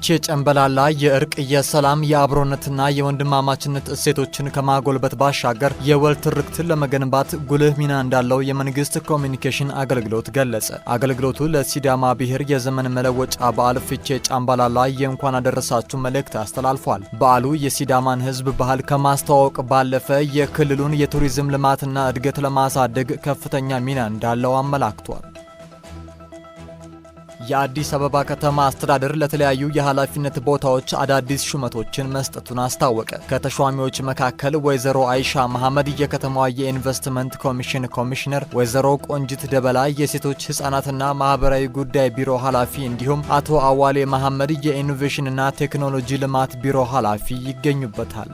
የሆነች የጨንበላላ የእርቅ የሰላም የአብሮነትና የወንድማማችነት እሴቶችን ከማጎልበት ባሻገር የወል ትርክትን ለመገንባት ጉልህ ሚና እንዳለው የመንግስት ኮሚኒኬሽን አገልግሎት ገለጸ። አገልግሎቱ ለሲዳማ ብሔር የዘመን መለወጫ በዓል ፍቼ ጨንበላላ የእንኳን አደረሳችሁ መልእክት አስተላልፏል። በዓሉ የሲዳማን ሕዝብ ባህል ከማስተዋወቅ ባለፈ የክልሉን የቱሪዝም ልማትና እድገት ለማሳደግ ከፍተኛ ሚና እንዳለው አመላክቷል። የአዲስ አበባ ከተማ አስተዳደር ለተለያዩ የኃላፊነት ቦታዎች አዳዲስ ሹመቶችን መስጠቱን አስታወቀ። ከተሿሚዎች መካከል ወይዘሮ አይሻ መሐመድ የከተማዋ የኢንቨስትመንት ኮሚሽን ኮሚሽነር፣ ወይዘሮ ቆንጅት ደበላ የሴቶች ሕፃናትና ማህበራዊ ጉዳይ ቢሮ ኃላፊ እንዲሁም አቶ አዋሌ መሐመድ የኢኖቬሽንና ቴክኖሎጂ ልማት ቢሮ ኃላፊ ይገኙበታል።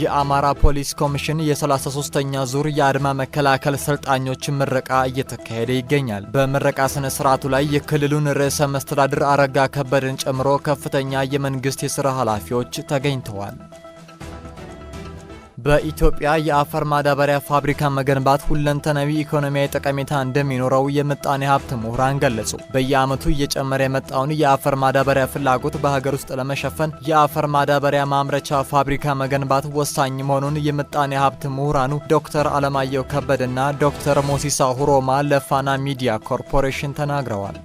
የአማራ ፖሊስ ኮሚሽን የ33ኛ ዙር የአድማ መከላከል ሰልጣኞች ምረቃ እየተካሄደ ይገኛል። በምረቃ ስነ ስርዓቱ ላይ የክልሉን ርዕሰ መስተዳድር አረጋ ከበደን ጨምሮ ከፍተኛ የመንግስት የሥራ ኃላፊዎች ተገኝተዋል። በኢትዮጵያ የአፈር ማዳበሪያ ፋብሪካ መገንባት ሁለንተናዊ ኢኮኖሚያዊ ጠቀሜታ እንደሚኖረው የምጣኔ ሀብት ምሁራን ገለጹ። በየዓመቱ እየጨመረ የመጣውን የአፈር ማዳበሪያ ፍላጎት በሀገር ውስጥ ለመሸፈን የአፈር ማዳበሪያ ማምረቻ ፋብሪካ መገንባት ወሳኝ መሆኑን የምጣኔ ሀብት ምሁራኑ ዶክተር አለማየሁ ከበደና ዶክተር ሞሲሳ ሁሮማ ለፋና ሚዲያ ኮርፖሬሽን ተናግረዋል።